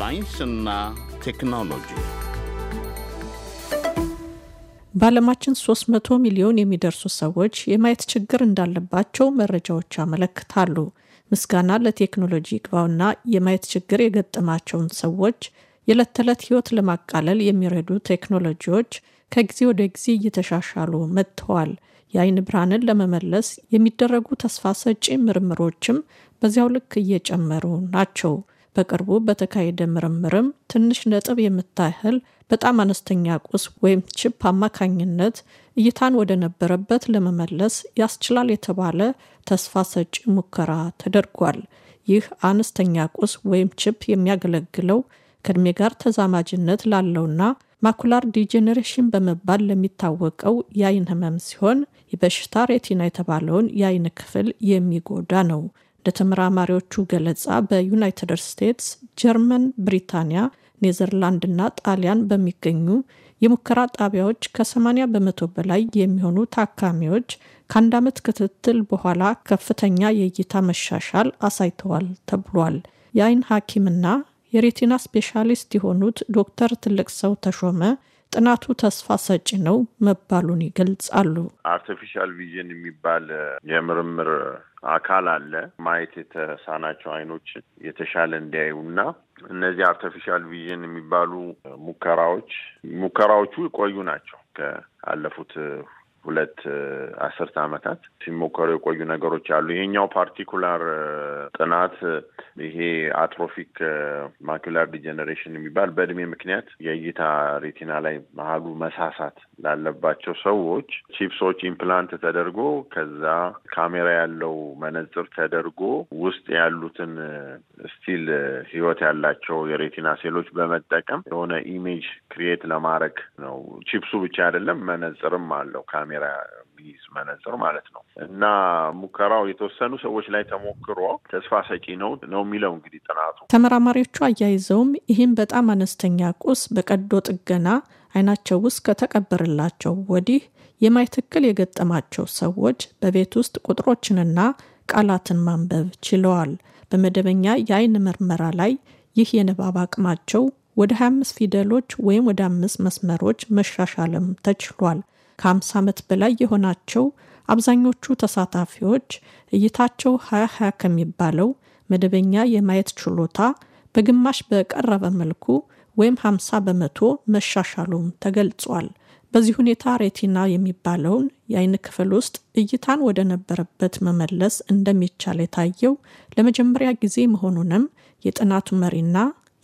ሳይንስና ቴክኖሎጂ በዓለማችን 300 ሚሊዮን የሚደርሱ ሰዎች የማየት ችግር እንዳለባቸው መረጃዎች ያመለክታሉ። ምስጋና ለቴክኖሎጂ ይግባውና የማየት ችግር የገጠማቸውን ሰዎች የዕለት ተዕለት ሕይወት ለማቃለል የሚረዱ ቴክኖሎጂዎች ከጊዜ ወደ ጊዜ እየተሻሻሉ መጥተዋል። የአይን ብርሃንን ለመመለስ የሚደረጉ ተስፋ ሰጪ ምርምሮችም በዚያው ልክ እየጨመሩ ናቸው። በቅርቡ በተካሄደ ምርምርም ትንሽ ነጥብ የምታህል በጣም አነስተኛ ቁስ ወይም ቺፕ አማካኝነት እይታን ወደ ነበረበት ለመመለስ ያስችላል የተባለ ተስፋ ሰጪ ሙከራ ተደርጓል። ይህ አነስተኛ ቁስ ወይም ቺፕ የሚያገለግለው ከእድሜ ጋር ተዛማጅነት ላለውና ማኩላር ዲጀኔሬሽን በመባል ለሚታወቀው የአይን ህመም ሲሆን የበሽታ ሬቲና የተባለውን የአይን ክፍል የሚጎዳ ነው። እንደ ተመራማሪዎቹ ገለጻ በዩናይትድ ስቴትስ፣ ጀርመን፣ ብሪታንያ፣ ኔዘርላንድ እና ጣሊያን በሚገኙ የሙከራ ጣቢያዎች ከ80 በመቶ በላይ የሚሆኑ ታካሚዎች ከአንድ ዓመት ክትትል በኋላ ከፍተኛ የእይታ መሻሻል አሳይተዋል ተብሏል። የአይን ሐኪምና የሬቲና ስፔሻሊስት የሆኑት ዶክተር ትልቅ ሰው ተሾመ ጥናቱ ተስፋ ሰጪ ነው መባሉን ይገልጻሉ። አርቲፊሻል ቪዥን የሚባል የምርምር አካል አለ። ማየት የተሳናቸው አይኖች የተሻለ እንዲያዩ እና እነዚህ አርቲፊሻል ቪዥን የሚባሉ ሙከራዎች ሙከራዎቹ የቆዩ ናቸው። ከአለፉት ሁለት አስርተ ዓመታት ሲሞከሩ የቆዩ ነገሮች አሉ። ይሄኛው ፓርቲኩላር ጥናት ይሄ አትሮፊክ ማኪላር ዲጀነሬሽን የሚባል በእድሜ ምክንያት የእይታ ሬቲና ላይ መሀሉ መሳሳት ላለባቸው ሰዎች ቺፕሶች ኢምፕላንት ተደርጎ ከዛ ካሜራ ያለው መነጽር ተደርጎ ውስጥ ያሉትን ስቲል ህይወት ያላቸው የሬቲና ሴሎች በመጠቀም የሆነ ኢሜጅ ክሪኤት ለማድረግ ነው። ቺፕሱ ብቻ አይደለም መነጽርም አለው ካሜራ የሚይዝ መነጽር ማለት ነው እና ሙከራው የተወሰኑ ሰዎች ላይ ተሞክሮ ተስፋ ሰጪ ነው ነው የሚለው እንግዲህ ጥናቱ። ተመራማሪዎቹ አያይዘውም ይህም በጣም አነስተኛ ቁስ በቀዶ ጥገና አይናቸው ውስጥ ከተቀበረላቸው ወዲህ የማየት እክል የገጠማቸው ሰዎች በቤት ውስጥ ቁጥሮችንና ቃላትን ማንበብ ችለዋል። በመደበኛ የአይን ምርመራ ላይ ይህ የንባብ አቅማቸው ወደ 25 ፊደሎች ወይም ወደ አምስት መስመሮች መሻሻልም ተችሏል። ከ50 ዓመት በላይ የሆናቸው አብዛኞቹ ተሳታፊዎች እይታቸው 2020 ከሚባለው መደበኛ የማየት ችሎታ በግማሽ በቀረበ መልኩ ወይም 50 በመቶ መሻሻሉም ተገልጿል። በዚህ ሁኔታ ሬቲና የሚባለውን የአይን ክፍል ውስጥ እይታን ወደ ነበረበት መመለስ እንደሚቻል የታየው ለመጀመሪያ ጊዜ መሆኑንም የጥናቱ መሪና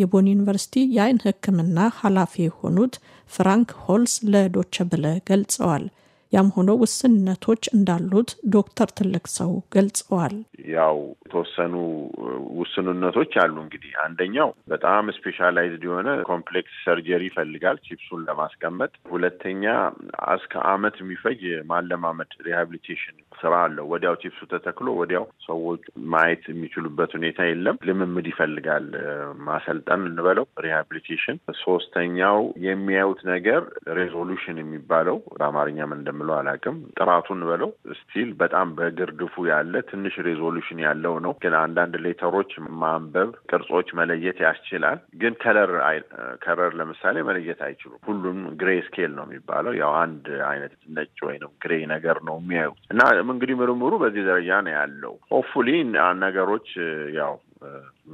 የቦን ዩኒቨርሲቲ የአይን ህክምና ኃላፊ የሆኑት ፍራንክ ሆልስ ለዶቸ ብለ ገልጸዋል። ያም ሆኖ ውስንነቶች እንዳሉት ዶክተር ትልቅ ሰው ገልጸዋል። ያው የተወሰኑ ውስንነቶች አሉ። እንግዲህ አንደኛው በጣም ስፔሻላይዝድ የሆነ ኮምፕሌክስ ሰርጀሪ ይፈልጋል ቺፕሱን ለማስቀመጥ። ሁለተኛ እስከ አመት የሚፈጅ ማለማመድ ሪሃብሊቴሽን ስራ አለው። ወዲያው ቺፕሱ ተተክሎ ወዲያው ሰዎች ማየት የሚችሉበት ሁኔታ የለም። ልምምድ ይፈልጋል፣ ማሰልጠን እንበለው ሪሃብሊቴሽን። ሶስተኛው የሚያዩት ነገር ሬዞሉሽን የሚባለው በአማርኛ ምን የምለው አላውቅም። ጥራቱን በለው ስቲል በጣም በግርድፉ ያለ ትንሽ ሬዞሉሽን ያለው ነው። ግን አንዳንድ ሌተሮች ማንበብ፣ ቅርጾች መለየት ያስችላል። ግን ከለር ከለር ለምሳሌ መለየት አይችሉም። ሁሉም ግሬ ስኬል ነው የሚባለው። ያው አንድ አይነት ነጭ ወይም ግሬ ነገር ነው የሚያዩት እና እንግዲህ ምርምሩ በዚህ ደረጃ ነው ያለው። ሆፕፉሊ ነገሮች ያው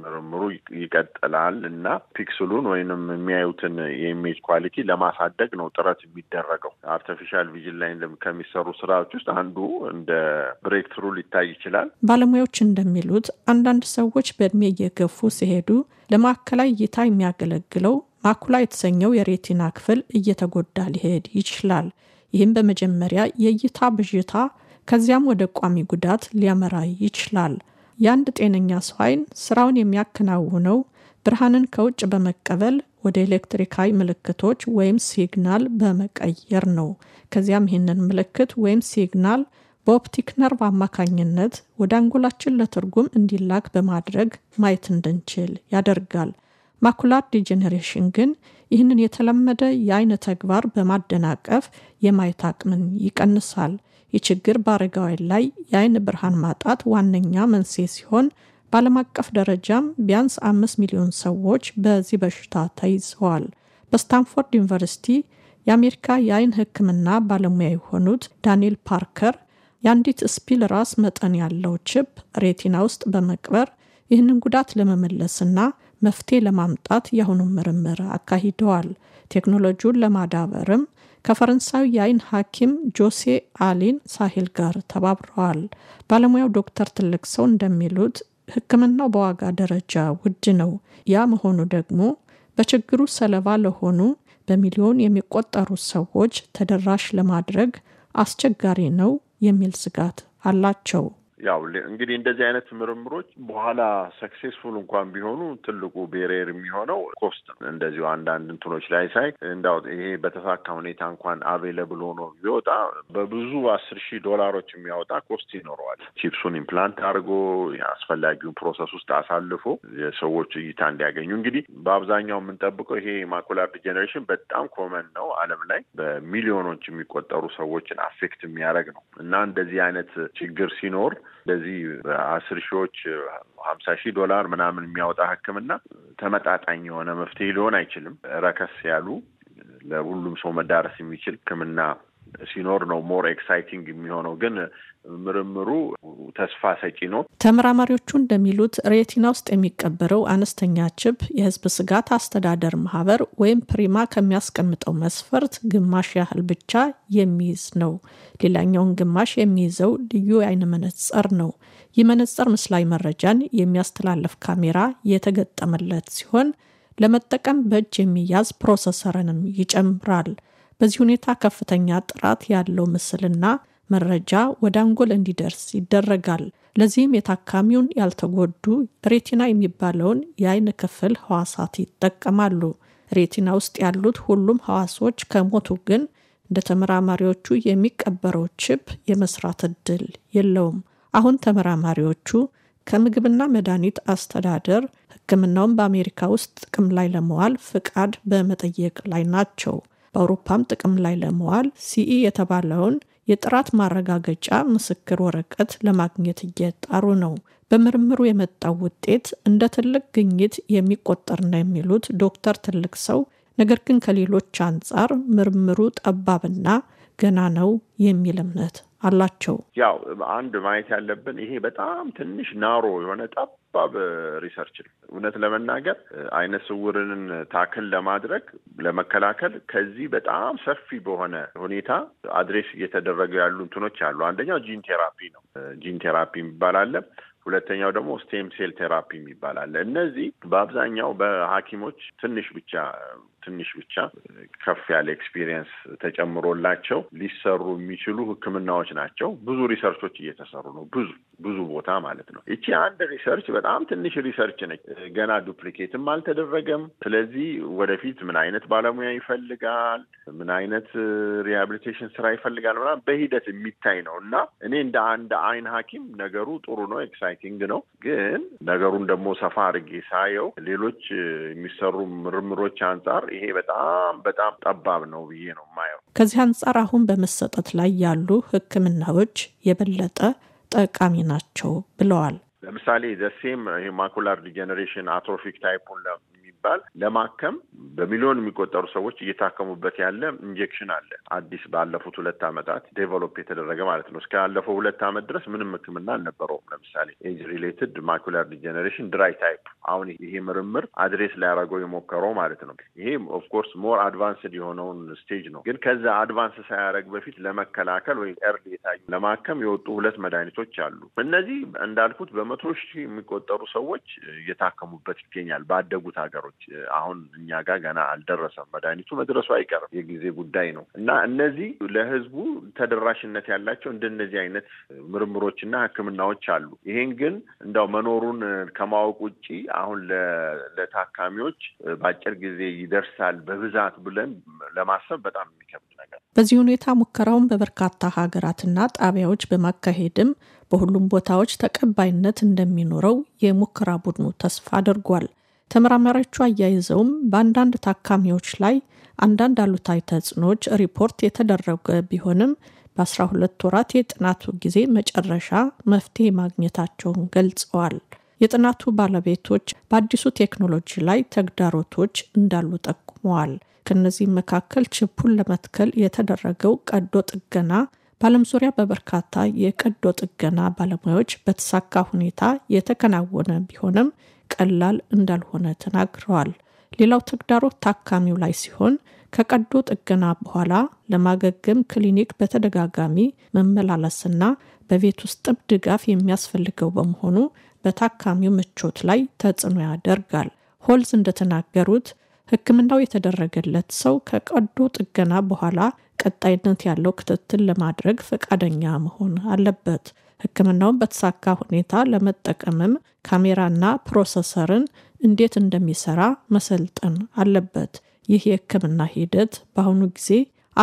ምርምሩ ይቀጥላል እና ፒክስሉን ወይንም የሚያዩትን የኢሜጅ ኳሊቲ ለማሳደግ ነው ጥረት የሚደረገው። አርቲፊሻል ቪዥን ላይ ከሚሰሩ ስራዎች ውስጥ አንዱ እንደ ብሬክ ትሩ ሊታይ ይችላል። ባለሙያዎች እንደሚሉት አንዳንድ ሰዎች በእድሜ እየገፉ ሲሄዱ ለማዕከላዊ እይታ የሚያገለግለው ማኩላ የተሰኘው የሬቲና ክፍል እየተጎዳ ሊሄድ ይችላል። ይህም በመጀመሪያ የእይታ ብዥታ ከዚያም ወደ ቋሚ ጉዳት ሊያመራ ይችላል። የአንድ ጤነኛ ሰው አይን ስራውን የሚያከናውነው ብርሃንን ከውጭ በመቀበል ወደ ኤሌክትሪካዊ ምልክቶች ወይም ሲግናል በመቀየር ነው። ከዚያም ይህንን ምልክት ወይም ሲግናል በኦፕቲክ ነርቭ አማካኝነት ወደ አንጎላችን ለትርጉም እንዲላክ በማድረግ ማየት እንድንችል ያደርጋል። ማኩላር ዲጀኔሬሽን ግን ይህንን የተለመደ የአይነ ተግባር በማደናቀፍ የማየት አቅምን ይቀንሳል። ይህ ችግር በአረጋውያን ላይ የአይን ብርሃን ማጣት ዋነኛ መንስኤ ሲሆን በዓለም አቀፍ ደረጃም ቢያንስ አምስት ሚሊዮን ሰዎች በዚህ በሽታ ተይዘዋል። በስታንፎርድ ዩኒቨርሲቲ የአሜሪካ የአይን ሕክምና ባለሙያ የሆኑት ዳንኤል ፓርከር የአንዲት ስፒል ራስ መጠን ያለው ችፕ ሬቲና ውስጥ በመቅበር ይህንን ጉዳት ለመመለስና መፍትሄ ለማምጣት የአሁኑ ምርምር አካሂደዋል። ቴክኖሎጂውን ለማዳበርም ከፈረንሳዊ የአይን ሐኪም ጆሴ አሊን ሳሄል ጋር ተባብረዋል። ባለሙያው ዶክተር ትልቅ ሰው እንደሚሉት ሕክምናው በዋጋ ደረጃ ውድ ነው። ያ መሆኑ ደግሞ በችግሩ ሰለባ ለሆኑ በሚሊዮን የሚቆጠሩ ሰዎች ተደራሽ ለማድረግ አስቸጋሪ ነው የሚል ስጋት አላቸው። ያው እንግዲህ እንደዚህ አይነት ምርምሮች በኋላ ሰክሴስፉል እንኳን ቢሆኑ ትልቁ ቤሬር የሚሆነው ኮስት ነው። እንደዚሁ አንዳንድ እንትኖች ላይ ሳይ እንዳው ይሄ በተሳካ ሁኔታ እንኳን አቬለብል ሆኖ ቢወጣ በብዙ አስር ሺህ ዶላሮች የሚያወጣ ኮስት ይኖረዋል። ቺፕሱን ኢምፕላንት አድርጎ አስፈላጊውን ፕሮሰስ ውስጥ አሳልፎ የሰዎች እይታ እንዲያገኙ እንግዲህ በአብዛኛው የምንጠብቀው ይሄ ማኩላር ዲጀኔሬሽን በጣም ኮመን ነው ዓለም ላይ በሚሊዮኖች የሚቆጠሩ ሰዎችን አፌክት የሚያደርግ ነው እና እንደዚህ አይነት ችግር ሲኖር እንደዚህ አስር ሺዎች ሀምሳ ሺህ ዶላር ምናምን የሚያወጣ ሕክምና ተመጣጣኝ የሆነ መፍትሄ ሊሆን አይችልም። ረከስ ያሉ ለሁሉም ሰው መዳረስ የሚችል ሕክምና ሲኖር ነው ሞር ኤክሳይቲንግ የሚሆነው። ግን ምርምሩ ተስፋ ሰጪ ነው። ተመራማሪዎቹ እንደሚሉት ሬቲና ውስጥ የሚቀበረው አነስተኛ ችብ የህዝብ ስጋት አስተዳደር ማህበር ወይም ፕሪማ ከሚያስቀምጠው መስፈርት ግማሽ ያህል ብቻ የሚይዝ ነው። ሌላኛውን ግማሽ የሚይዘው ልዩ የአይን መነጽር ነው። ይህ መነጽር ምስላዊ መረጃን የሚያስተላለፍ ካሜራ የተገጠመለት ሲሆን ለመጠቀም በእጅ የሚያዝ ፕሮሰሰርንም ይጨምራል። በዚህ ሁኔታ ከፍተኛ ጥራት ያለው ምስልና መረጃ ወደ አንጎል እንዲደርስ ይደረጋል። ለዚህም የታካሚውን ያልተጎዱ ሬቲና የሚባለውን የአይን ክፍል ህዋሳት ይጠቀማሉ። ሬቲና ውስጥ ያሉት ሁሉም ህዋሶች ከሞቱ ግን እንደ ተመራማሪዎቹ የሚቀበረው ችፕ የመስራት እድል የለውም። አሁን ተመራማሪዎቹ ከምግብና መድኃኒት አስተዳደር ሕክምናውን በአሜሪካ ውስጥ ጥቅም ላይ ለመዋል ፍቃድ በመጠየቅ ላይ ናቸው። በአውሮፓም ጥቅም ላይ ለመዋል ሲኢ የተባለውን የጥራት ማረጋገጫ ምስክር ወረቀት ለማግኘት እየጣሩ ነው። በምርምሩ የመጣው ውጤት እንደ ትልቅ ግኝት የሚቆጠር ነው የሚሉት ዶክተር ትልቅ ሰው፣ ነገር ግን ከሌሎች አንጻር ምርምሩ ጠባብና ገና ነው የሚል እምነት አላቸው። ያው አንድ ማየት ያለብን ይሄ በጣም ትንሽ ናሮ የሆነ ጠብ ሪሰርች ነው። እውነት ለመናገር አይነ ስውርን ታክል ለማድረግ ለመከላከል ከዚህ በጣም ሰፊ በሆነ ሁኔታ አድሬስ እየተደረገ ያሉ እንትኖች አሉ። አንደኛው ጂን ቴራፒ ነው። ጂን ቴራፒ የሚባል አለ። ሁለተኛው ደግሞ ስቴም ሴል ቴራፒ የሚባል አለ። እነዚህ በአብዛኛው በሐኪሞች ትንሽ ብቻ ትንሽ ብቻ ከፍ ያለ ኤክስፒሪየንስ ተጨምሮላቸው ሊሰሩ የሚችሉ ህክምናዎች ናቸው። ብዙ ሪሰርቾች እየተሰሩ ነው። ብዙ ብዙ ቦታ ማለት ነው። እቺ አንድ ሪሰርች በጣም ትንሽ ሪሰርች ነች። ገና ዱፕሊኬትም አልተደረገም። ስለዚህ ወደፊት ምን አይነት ባለሙያ ይፈልጋል፣ ምን አይነት ሪሃብሊቴሽን ስራ ይፈልጋል ምናምን በሂደት የሚታይ ነው እና እኔ እንደ አንድ አይን ሐኪም ነገሩ ጥሩ ነው፣ ኤክሳይቲንግ ነው። ግን ነገሩን ደግሞ ሰፋ አድርጌ ሳየው ሌሎች የሚሰሩ ምርምሮች አንጻር ይሄ በጣም በጣም ጠባብ ነው ብዬ ነው የማየው። ከዚህ አንጻር አሁን በመሰጠት ላይ ያሉ ሕክምናዎች የበለጠ ጠቃሚ ናቸው ብለዋል። ለምሳሌ ዘሴም ማኩላር ዲጀነሬሽን አትሮፊክ ታይፑን ሲባል ለማከም በሚሊዮን የሚቆጠሩ ሰዎች እየታከሙበት ያለ ኢንጀክሽን አለ። አዲስ ባለፉት ሁለት ዓመታት ዴቨሎፕ የተደረገ ማለት ነው። እስካለፈው ሁለት ዓመት ድረስ ምንም ሕክምና አልነበረውም። ለምሳሌ ኤጅ ሪሌትድ ማኩላር ዲጀነሬሽን ድራይ ታይፕ፣ አሁን ይሄ ምርምር አድሬስ ሊያደርገው የሞከረው ማለት ነው። ይሄ ኦፍኮርስ ሞር አድቫንስድ የሆነውን ስቴጅ ነው። ግን ከዛ አድቫንስ ሳያደርግ በፊት ለመከላከል ወይም ኤርሊ የታዩ ለማከም የወጡ ሁለት መድኃኒቶች አሉ። እነዚህ እንዳልኩት በመቶ ሺህ የሚቆጠሩ ሰዎች እየታከሙበት ይገኛል ባደጉት ሀገሮች ነገሮች አሁን እኛ ጋር ገና አልደረሰም። መድኃኒቱ መድረሱ አይቀርም የጊዜ ጉዳይ ነው እና እነዚህ ለህዝቡ ተደራሽነት ያላቸው እንደነዚህ አይነት ምርምሮችና ህክምናዎች አሉ። ይሄን ግን እንደው መኖሩን ከማወቅ ውጭ አሁን ለታካሚዎች በአጭር ጊዜ ይደርሳል በብዛት ብለን ለማሰብ በጣም የሚከብድ ነገር። በዚህ ሁኔታ ሙከራውን በበርካታ ሀገራትና ጣቢያዎች በማካሄድም በሁሉም ቦታዎች ተቀባይነት እንደሚኖረው የሙከራ ቡድኑ ተስፋ አድርጓል። ተመራማሪዎቹ አያይዘውም በአንዳንድ ታካሚዎች ላይ አንዳንድ አሉታዊ ተጽዕኖዎች ሪፖርት የተደረገ ቢሆንም በ12 ወራት የጥናቱ ጊዜ መጨረሻ መፍትሄ ማግኘታቸውን ገልጸዋል። የጥናቱ ባለቤቶች በአዲሱ ቴክኖሎጂ ላይ ተግዳሮቶች እንዳሉ ጠቁመዋል። ከእነዚህም መካከል ችፑን ለመትከል የተደረገው ቀዶ ጥገና በዓለም ዙሪያ በበርካታ የቀዶ ጥገና ባለሙያዎች በተሳካ ሁኔታ የተከናወነ ቢሆንም ቀላል እንዳልሆነ ተናግረዋል። ሌላው ተግዳሮት ታካሚው ላይ ሲሆን ከቀዶ ጥገና በኋላ ለማገገም ክሊኒክ በተደጋጋሚ መመላለስና በቤት ውስጥም ድጋፍ የሚያስፈልገው በመሆኑ በታካሚው ምቾት ላይ ተጽዕኖ ያደርጋል። ሆልዝ እንደተናገሩት ሕክምናው የተደረገለት ሰው ከቀዶ ጥገና በኋላ ቀጣይነት ያለው ክትትል ለማድረግ ፈቃደኛ መሆን አለበት። ሕክምናውን በተሳካ ሁኔታ ለመጠቀምም ካሜራና ፕሮሰሰርን እንዴት እንደሚሰራ መሰልጠን አለበት። ይህ የሕክምና ሂደት በአሁኑ ጊዜ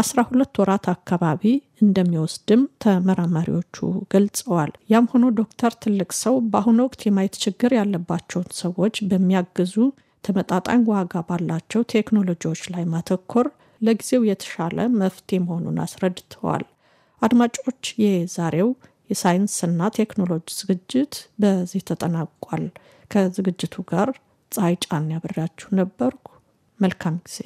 12 ወራት አካባቢ እንደሚወስድም ተመራማሪዎቹ ገልጸዋል። ያም ሆኖ ዶክተር ትልቅ ሰው በአሁኑ ወቅት የማየት ችግር ያለባቸውን ሰዎች በሚያግዙ ተመጣጣኝ ዋጋ ባላቸው ቴክኖሎጂዎች ላይ ማተኮር ለጊዜው የተሻለ መፍትሄ መሆኑን አስረድተዋል። አድማጮች፣ የዛሬው የሳይንስና ቴክኖሎጂ ዝግጅት በዚህ ተጠናቋል። ከዝግጅቱ ጋር ፀሐይ ጫን ያበራችሁ ነበርኩ። መልካም ጊዜ